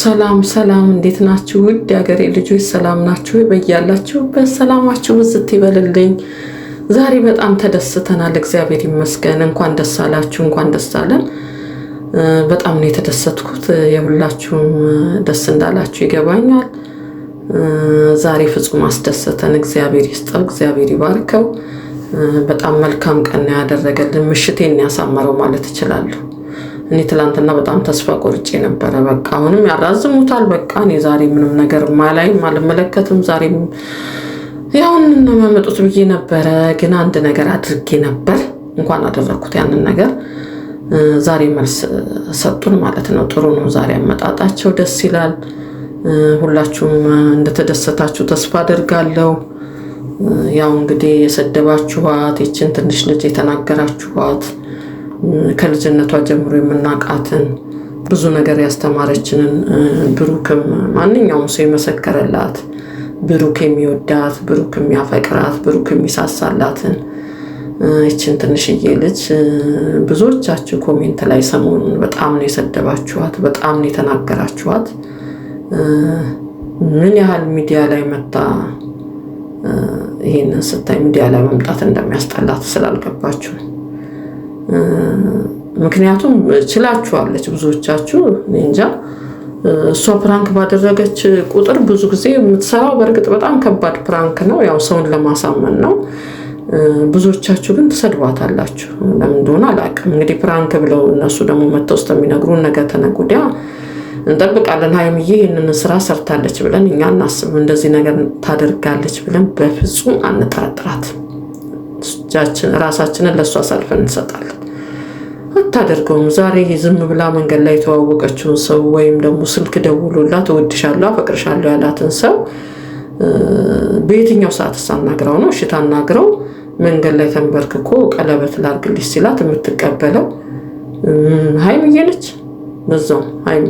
ሰላም ሰላም፣ እንዴት ናችሁ? ውድ የሀገሬ ልጆች ሰላም ናችሁ? በያላችሁበት በሰላማችሁ ብዝት ይበልልኝ። ዛሬ በጣም ተደስተናል፣ እግዚአብሔር ይመስገን። እንኳን ደስ አላችሁ፣ እንኳን ደስ አለን። በጣም ነው የተደሰትኩት። የሁላችሁም ደስ እንዳላችሁ ይገባኛል። ዛሬ ፍጹም አስደሰተን። እግዚአብሔር ይስጠው፣ እግዚአብሔር ይባርከው። በጣም መልካም ቀን ያደረገልን፣ ምሽቴን ያሳመረው ማለት እችላለሁ። እኔ ትላንትና በጣም ተስፋ ቆርጬ ነበረ። በቃ አሁንም ያራዝሙታል። በቃ እኔ ዛሬ ምንም ነገር ማላይም አልመለከትም። ዛሬም ያውን መመጡት ብዬ ነበረ፣ ግን አንድ ነገር አድርጌ ነበር። እንኳን አደረግኩት ያንን ነገር። ዛሬ መልስ ሰጡን ማለት ነው። ጥሩ ነው። ዛሬ አመጣጣቸው ደስ ይላል። ሁላችሁም እንደተደሰታችሁ ተስፋ አደርጋለሁ። ያው እንግዲህ የሰደባችኋት ይችን ትንሽ ልጅ የተናገራችኋት ከልጅነቷ ጀምሮ የምናውቃትን ብዙ ነገር ያስተማረችንን ብሩክም ማንኛውም ሰው የመሰከረላት ብሩክ የሚወዳት ብሩክ የሚያፈቅራት ብሩክ የሚሳሳላትን ይችን ትንሽዬ ልጅ ብዙዎቻችሁ ኮሜንት ላይ ሰሞኑን በጣም ነው የሰደባችኋት፣ በጣም ነው የተናገራችኋት። ምን ያህል ሚዲያ ላይ መታ ይህንን ስታይ ሚዲያ ላይ መምጣት እንደሚያስጠላት ስላልገባችሁ ምክንያቱም ችላችኋለች ብዙዎቻችሁ እንጃ እሷ ፕራንክ ባደረገች ቁጥር ብዙ ጊዜ የምትሰራው በእርግጥ በጣም ከባድ ፕራንክ ነው፣ ያው ሰውን ለማሳመን ነው። ብዙዎቻችሁ ግን ትሰድባታላችሁ፣ ለምን እንደሆነ አላውቅም። እንግዲህ ፕራንክ ብለው እነሱ ደግሞ መጥተው እስከሚነግሩን ነገ ተነገ ወዲያ እንጠብቃለን። ሀይምዬ ይህንን ስራ ሰርታለች ብለን እኛ እናስብም። እንደዚህ ነገር ታደርጋለች ብለን በፍጹም አንጠረጥራት። ራሳችንን ለእሷ አሳልፈን እንሰጣለን። አታደርገውም። ዛሬ ዝም ብላ መንገድ ላይ የተዋወቀችውን ሰው ወይም ደግሞ ስልክ ደውሎላት እወድሻለሁ፣ አፈቅርሻለሁ ያላትን ሰው በየትኛው ሰዓት ሳናግረው ነው? እሺ መንገድ ላይ ተንበርክኮ ቀለበት ላድርግልሽ ሲላት የምትቀበለው ሀይሚዬ ነች። በዛው ሀይሚ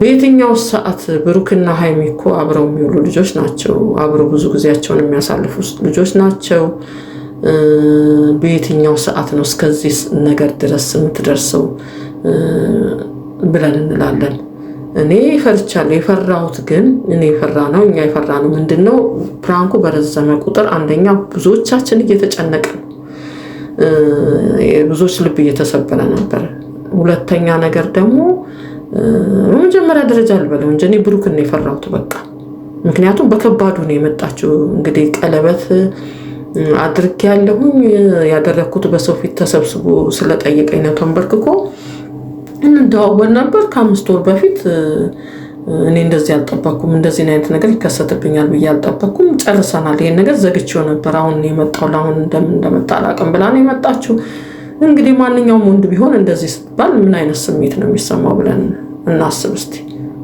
በየትኛው ሰዓት ብሩክና ሀይሚ እኮ አብረው የሚውሉ ልጆች ናቸው። አብረው ብዙ ጊዜያቸውን የሚያሳልፉ ልጆች ናቸው። በየትኛው ሰዓት ነው እስከዚህ ነገር ድረስ የምትደርሰው ብለን እንላለን። እኔ ፈርቻለሁ። የፈራሁት ግን እኔ የፈራ ነው እኛ የፈራ ነው ምንድን ነው ፕራንኩ በረዘመ ቁጥር አንደኛ ብዙዎቻችን እየተጨነቀ ነው፣ ብዙዎች ልብ እየተሰበረ ነበር። ሁለተኛ ነገር ደግሞ በመጀመሪያ ደረጃ አልበለው እንጂ እኔ ብሩክን ነው የፈራሁት በቃ ምክንያቱም በከባዱ ነው የመጣችው እንግዲህ ቀለበት አድርጌ ያለሁኝ ያደረግኩት በሰው ፊት ተሰብስቦ ስለጠየቀኝ ነው። ተንበርክኮ እንደዋወል ነበር ከአምስት ወር በፊት እኔ እንደዚህ አልጠበኩም፣ እንደዚህ አይነት ነገር ይከሰትብኛል ብዬ አልጠበኩም። ጨርሰናል፣ ይሄን ነገር ዘግቼው ነበር። አሁን የመጣው ለአሁን እንደምን እንደመጣ አላውቅም ብላ ነው የመጣችው። እንግዲህ ማንኛውም ወንድ ቢሆን እንደዚህ ስትባል ምን አይነት ስሜት ነው የሚሰማው ብለን እናስብ እስቲ።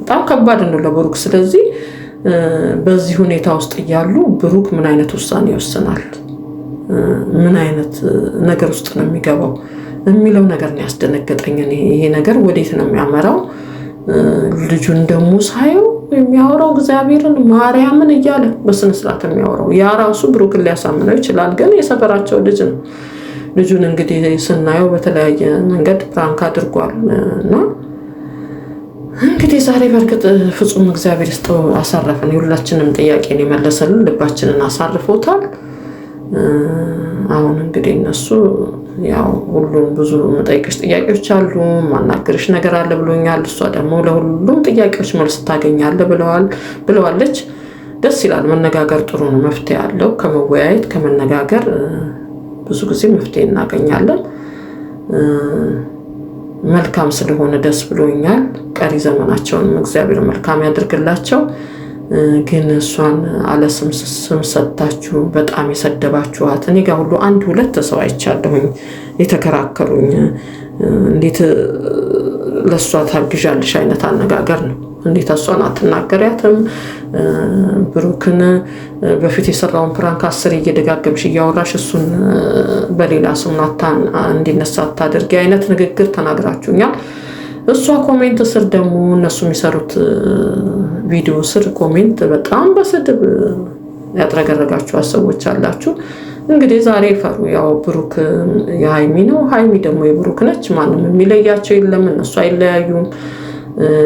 በጣም ከባድ ነው ለብሩክ። ስለዚህ በዚህ ሁኔታ ውስጥ እያሉ ብሩክ ምን አይነት ውሳኔ ይወስናል? ምን አይነት ነገር ውስጥ ነው የሚገባው የሚለው ነገር ነው ያስደነገጠኝ። ይሄ ነገር ወዴት ነው የሚያመራው? ልጁን ደግሞ ሳየው የሚያወራው እግዚአብሔርን ማርያምን እያለ በስነስርዓት የሚያወራው ያ ራሱ ብሩክን ሊያሳምነው ይችላል። ግን የሰፈራቸው ልጅ ነው። ልጁን እንግዲህ ስናየው በተለያየ መንገድ ፕራንክ አድርጓል እና እንግዲህ ዛሬ በእርግጥ ፍጹም እግዚአብሔር ስጠው አሳረፍን። የሁላችንም ጥያቄን የመለሰልን ልባችንን አሳርፎታል። አሁን እንግዲህ እነሱ ያው ሁሉም ብዙ የምጠይቅሽ ጥያቄዎች አሉ፣ ማናገርሽ ነገር አለ ብሎኛል። እሷ ደግሞ ለሁሉም ጥያቄዎች መልስ ታገኛለ ብለዋለች። ደስ ይላል። መነጋገር ጥሩ ነው፣ መፍትሄ አለው። ከመወያየት ከመነጋገር ብዙ ጊዜ መፍትሄ እናገኛለን። መልካም ስለሆነ ደስ ብሎኛል። ቀሪ ዘመናቸውንም እግዚአብሔር መልካም ያደርግላቸው። ግን እሷን አለስም ስም ሰጥታችሁ በጣም የሰደባችኋት እኔ ጋር ሁሉ አንድ ሁለት ሰው አይቻለሁኝ የተከራከሩኝ። እንዴት ለእሷ ታግዣለሽ አይነት አነጋገር ነው። እንዴት እሷን አትናገሪያትም? ብሩክን በፊት የሰራውን ፕራንክ አስር እየደጋገምሽ እያወራሽ እሱን በሌላ ሰው እንዲነሳ አታድርጊ አይነት ንግግር ተናግራችሁኛል። እሷ ኮሜንት ስር ደግሞ እነሱ የሚሰሩት ቪዲዮ ስር ኮሜንት በጣም በስድብ ያጥረገረጋችኋት ሰዎች አላችሁ። እንግዲህ ዛሬ ፈሩ። ያው ብሩክ የሀይሚ ነው፣ ሀይሚ ደግሞ የብሩክ ነች። ማንም የሚለያቸው የለም። እነሱ አይለያዩም።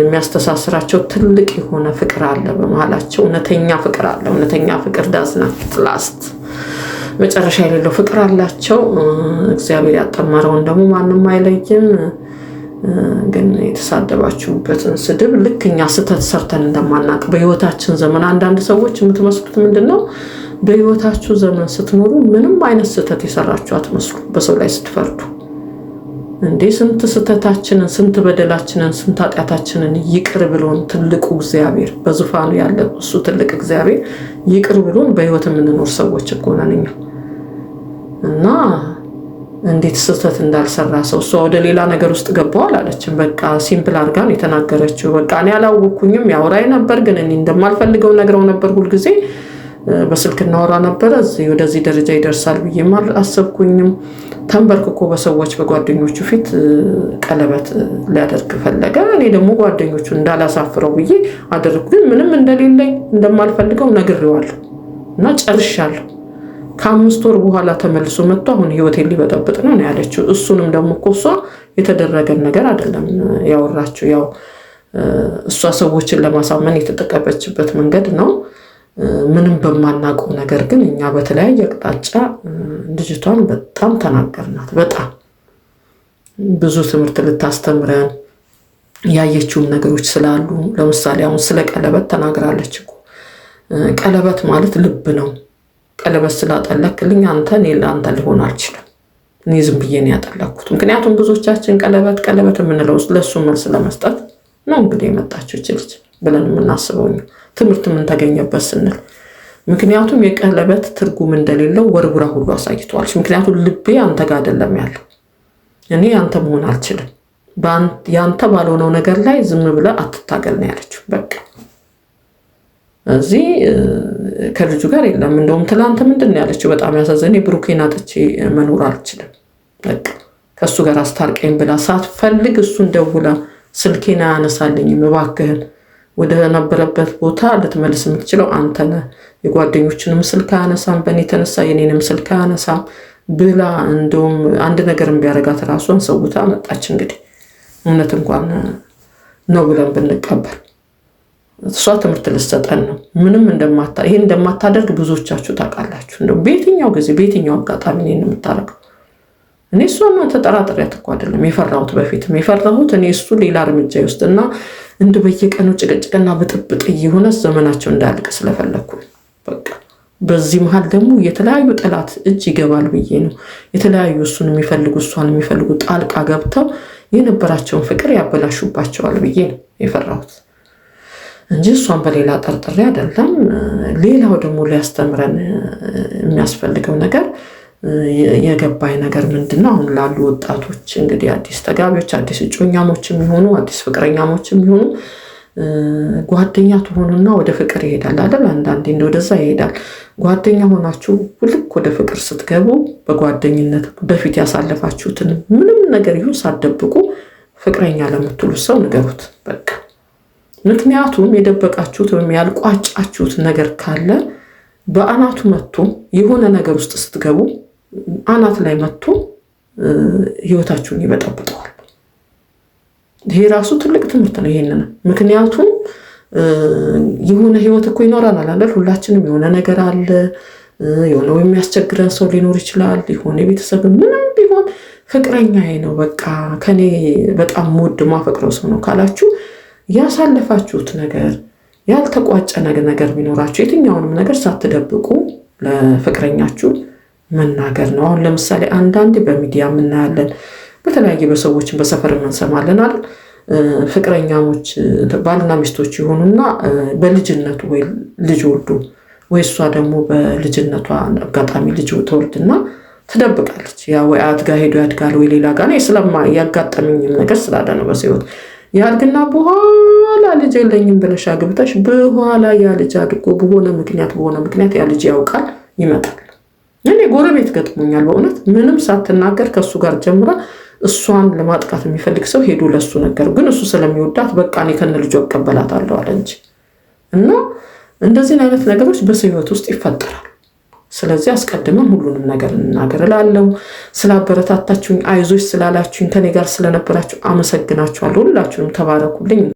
የሚያስተሳስራቸው ትልቅ የሆነ ፍቅር አለ በመሀላቸው። እውነተኛ ፍቅር አለ። እውነተኛ ፍቅር ዳዝናት ላስት መጨረሻ የሌለው ፍቅር አላቸው። እግዚአብሔር ያጠመረውን ደግሞ ማንም አይለይም። ግን የተሳደባችሁበትን ስድብ ልክ እኛ ስህተት ሰርተን እንደማናውቅ በህይወታችን ዘመን አንዳንድ ሰዎች የምትመስሉት ምንድን ነው? በህይወታችሁ ዘመን ስትኖሩ ምንም አይነት ስህተት የሰራችሁ አትመስሉ በሰው ላይ ስትፈርዱ እንዴ ስንት ስህተታችንን ስንት በደላችንን ስንት ኃጢአታችንን ይቅር ብሎን ትልቁ እግዚአብሔር በዙፋኑ ያለ እሱ ትልቅ እግዚአብሔር ይቅር ብሎን በህይወት የምንኖር ሰዎች እኮ ነን እኛ። እና እንዴት ስህተት እንዳልሰራ ሰው እሷ ወደ ሌላ ነገር ውስጥ ገባዋል አለችም። በቃ ሲምፕል አድርጋን የተናገረችው በቃ እኔ አላወኩኝም። ያውራይ ነበር ግን እኔ እንደማልፈልገው ነግረው ነበር ሁልጊዜ በስልክ እናወራ ነበረ። እዚህ ወደዚህ ደረጃ ይደርሳል ብዬ አላሰብኩኝም። ተንበርክኮ በሰዎች በጓደኞቹ ፊት ቀለበት ሊያደርግ ፈለገ። እኔ ደግሞ ጓደኞቹ እንዳላሳፍረው ብዬ አደረግኩ። ግን ምንም እንደሌለኝ እንደማልፈልገው ነግሬዋለሁ እና ጨርሻለሁ። ከአምስት ወር በኋላ ተመልሶ መጥቶ አሁን ህይወቴን ሊበጠብጥ ነው ያለችው። እሱንም ደግሞ እኮ እሷ የተደረገን ነገር አይደለም ያወራችው። ያው እሷ ሰዎችን ለማሳመን የተጠቀመችበት መንገድ ነው። ምንም በማናውቀው ነገር ግን እኛ በተለያየ አቅጣጫ ልጅቷን በጣም ተናገርናት። በጣም ብዙ ትምህርት ልታስተምረን ያየችውም ነገሮች ስላሉ ለምሳሌ አሁን ስለ ቀለበት ተናግራለች ቀለበት ማለት ልብ ነው። ቀለበት ስላጠለክልኝ አንተ እኔ ለአንተ ልሆን አልችልም። እኔ ዝም ብዬ ነው ያጠለኩት። ምክንያቱም ብዙዎቻችን ቀለበት ቀለበት የምንለው ለእሱ መልስ ለመስጠት ነው። እንግዲህ የመጣችው ችልች ብለን የምናስበው ትምህርት ምን ተገኘበት ስንል ምክንያቱም የቀለበት ትርጉም እንደሌለው ወርውራ ሁሉ አሳይተዋለች። ምክንያቱም ልቤ አንተ ጋር አይደለም ያለው፣ እኔ ያንተ መሆን አልችልም፣ ያንተ ባልሆነው ነገር ላይ ዝም ብለህ አትታገል ነው ያለችው። በቃ እዚህ ከልጁ ጋር የለም። እንደውም ትላንት ምንድን ነው ያለችው? በጣም ያሳዘነ ብሩኬን አጥቼ መኖር አልችልም፣ በቃ ከእሱ ጋር አስታርቀኝ ብላ ሳትፈልግ እሱን ደውላ ስልኬን አያነሳልኝም እባክህን ወደ ነበረበት ቦታ ልትመልስ የምትችለው አንተ ነህ። የጓደኞችንም ስልክ አያነሳም፣ በእኔ የተነሳ የኔንም ስልክ አያነሳም ብላ እንደውም አንድ ነገር ቢያደርጋት ራሷን ሰውታ መጣች። እንግዲህ እውነት እንኳን ነው ብለን ብንቀበል እሷ ትምህርት ልሰጠን ነው ምንም እንደማታ ይሄን እንደማታደርግ ብዙዎቻችሁ ታውቃላችሁ። እንደው በየትኛው ጊዜ በየትኛው አጋጣሚ እኔን የምታደርገው እኔ እሷ ተጠራጠሪያት እኮ አይደለም የፈራሁት በፊትም የፈራሁት እኔ እሱ ሌላ እርምጃ ይወስድና እንደ በየቀኑ ጭቅጭቅና ብጥብጥ እየሆነ ዘመናቸው እንዳልቅ ስለፈለግኩ በቃ በዚህ መሀል ደግሞ የተለያዩ ጠላት እጅ ይገባል ብዬ ነው። የተለያዩ እሱን የሚፈልጉ እሷን የሚፈልጉ ጣልቃ ገብተው የነበራቸውን ፍቅር ያበላሹባቸዋል ብዬ ነው የፈራሁት እንጂ እሷን በሌላ ጠርጥሬ አይደለም። ሌላው ደግሞ ሊያስተምረን የሚያስፈልገው ነገር የገባኝ ነገር ምንድን ነው? አሁን ላሉ ወጣቶች እንግዲህ አዲስ ተጋቢዎች፣ አዲስ እጮኛሞች የሚሆኑ አዲስ ፍቅረኛሞች የሚሆኑ ጓደኛ ትሆኑና ወደ ፍቅር ይሄዳል አይደል? አንዳንዴ እንደ ወደዛ ይሄዳል። ጓደኛ ሆናችሁ ልክ ወደ ፍቅር ስትገቡ በጓደኝነት በፊት ያሳለፋችሁትን ምንም ነገር ይሁን ሳደብቁ ፍቅረኛ ለምትሉት ሰው ንገሩት በቃ። ምክንያቱም የደበቃችሁት ወይም ያልቋጫችሁት ነገር ካለ በአናቱ መጥቶ የሆነ ነገር ውስጥ ስትገቡ አናት ላይ መጥቶ ህይወታችሁን ይበጠብጠዋል። ይሄ ራሱ ትልቅ ትምህርት ነው። ይሄንን ምክንያቱም የሆነ ህይወት እኮ ይኖረናል አይደል? ሁላችንም የሆነ ነገር አለ። የሆነ ወይም የሚያስቸግረን ሰው ሊኖር ይችላል። የሆነ የቤተሰብ ምንም ቢሆን ፍቅረኛዬ ነው በቃ ከኔ በጣም ሞድ ማፈቅረው ሰው ነው ካላችሁ ያሳለፋችሁት ነገር ያልተቋጨ ነገር ቢኖራችሁ የትኛውንም ነገር ሳትደብቁ ለፍቅረኛችሁ መናገር ነው። አሁን ለምሳሌ አንዳንዴ በሚዲያ የምናያለን፣ በተለያየ በሰዎችን በሰፈር እንሰማለን አይደል? ፍቅረኛሞች ባልና ሚስቶች የሆኑና በልጅነቱ ወይ ልጅ ወልዶ ወይ እሷ ደግሞ በልጅነቷ አጋጣሚ ልጅ ተወልድና ትደብቃለች። ያ ወይ አያት ጋር ሄዶ ያድጋል ወይ ሌላ ጋር ስለማ ያጋጠመኝም ነገር ስላለ ነው በሕይወት ያድግና በኋላ ልጅ የለኝም ብለሽ አግብተሽ በኋላ ያ ልጅ አድጎ በሆነ ምክንያት በሆነ ምክንያት ያ ልጅ ያውቃል ይመጣል እኔ ጎረቤት ገጥሞኛል። በእውነት ምንም ሳትናገር ከእሱ ጋር ጀምራ እሷን ለማጥቃት የሚፈልግ ሰው ሄዶ ለእሱ ነገር ግን እሱ ስለሚወዳት በቃ እኔ ከነ ልጇ እቀበላታለሁ አለ እንጂ እና እንደዚህን አይነት ነገሮች በሰው ህይወት ውስጥ ይፈጠራል። ስለዚህ አስቀድመን ሁሉንም ነገር እንናገር እላለሁ። ስላበረታታችሁኝ፣ አይዞች ስላላችሁኝ፣ ከኔ ጋር ስለነበራችሁ አመሰግናችኋለሁ። ሁላችሁንም ተባረኩልኝ።